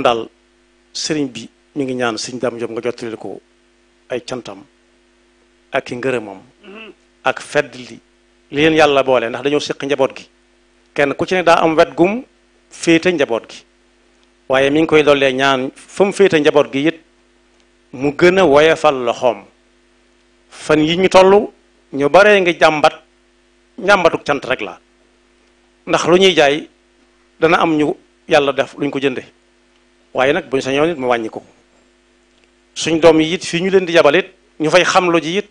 daal sëriñ bi mi ngi ñaan sëñ Dame Diop nga jottali ko ay cantam ak i ngërëmam ak fedd li li leen yàlla boole ndax dañoo séq njaboot gi kenn ku ci ne daa am wet gum féete njaboot gi waaye mi ngi koy dollee ñaan fa mu féete njaboot gi it gën a woyefal loxoom fan yi ñu toll ñu baree ngi jàmbat njàmbatuk cant rek la ndax lu ñuy jaay dana am ñu yàlla def luñ ko jënde waaye nag buñ sañoon it mu wàññi ko suñ doom yi yit fii ñu leen di yabal it ñu fay xamlu ji it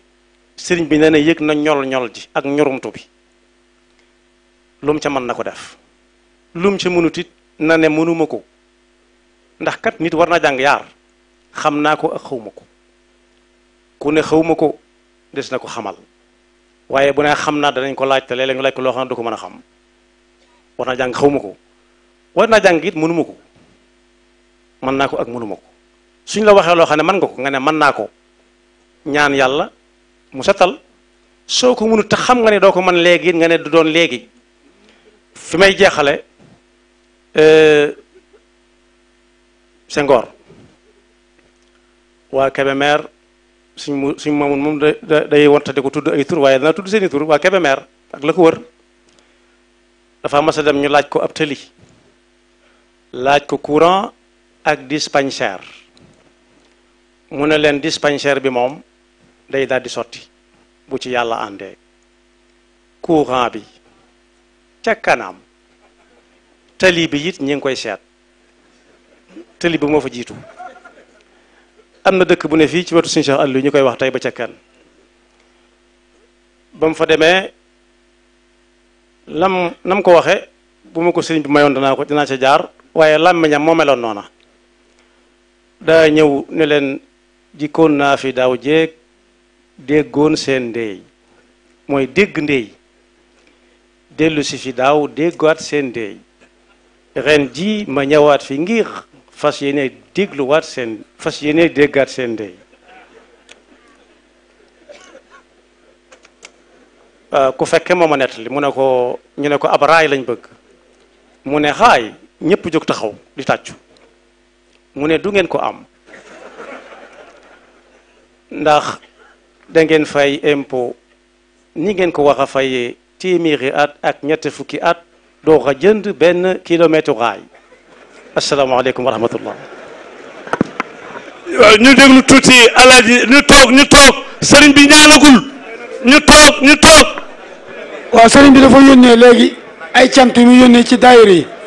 sëriñ bi nee na yëg na ñol ñol ji ak ñorumtu bi lum ca mën na ko def lum ca mënut it na ne mënuma ko ndax kat nit war naa jàng yaar xam naa ko ak xawma ko ku ne xawma ko des na ko xamal waaye bu ne xam naa danañ ko laaj te léeg-léeg laaj ko loo xam ne du ko mën a xam war naa jàng xawma ko war naa jàng it mënuma ko mën naa ko ak mënuma ko suñ la waxee loo xam ne man nga ko nga ne mën naa ko ñaan yàlla mu setal soo ko mënut tax xam nga ne doo ko mën léegi nga ne du doon léegi fi may jeexale euh, Senghor waa Kébémer suñ mu suñ maamun moom da day wonte di ko tudd ay tur waaye dana tudd seeni tur waa Kébémer ak la ko wër dafa mas a dem ñu laaj ko ab tëli laaj ko courant ak dispensaire mu ne leen dispensaire bi moom day daal di sotti bu ci yàlla àndee courant bi ca kanam tali bi it ñi ngi koy seet tali bi moo fa jiitu am na dëkk bu ne fii ci wetu suñu Cheikh Aliou ñu koy wax tey ba ca kan ba mu fa demee lam nam ko waxe bu ma ko sëriñ bi mayoon danaa ko dinaa ca jaar waaye làmmiñam moo meloon noona daa ñëw ne leen jikkoon naa fi daaw jeeg déggoon seen ndey mooy dégg ndey dellu si fi daaw déggaat seen ndey ren jii ma ñëwaat fi ngir fas yéene dégluwaat seen fas yéene déggaat seen ndey ah, ku fekke mooma nettali mu ne ko ñu ne ko ab raay lañ bëgg mu ne xaay ñëpp jóg taxaw di tàccu mu ne du ngeen ko am ndax da ngeen fay impo ni ngeen ko war a fayee téeméeri at ak ñett fukki at doo ko jënd benn kilomètre raay asalaamaaleykum wa rahmatullah waaw ñu déglu tuuti alaaji ñu toog ñu toog sëriñ bi ñaanagul ñu toog ñu toog waaw sëriñ bi dafa yónnee léegi ay cant yu mu yónnee ci daayira yi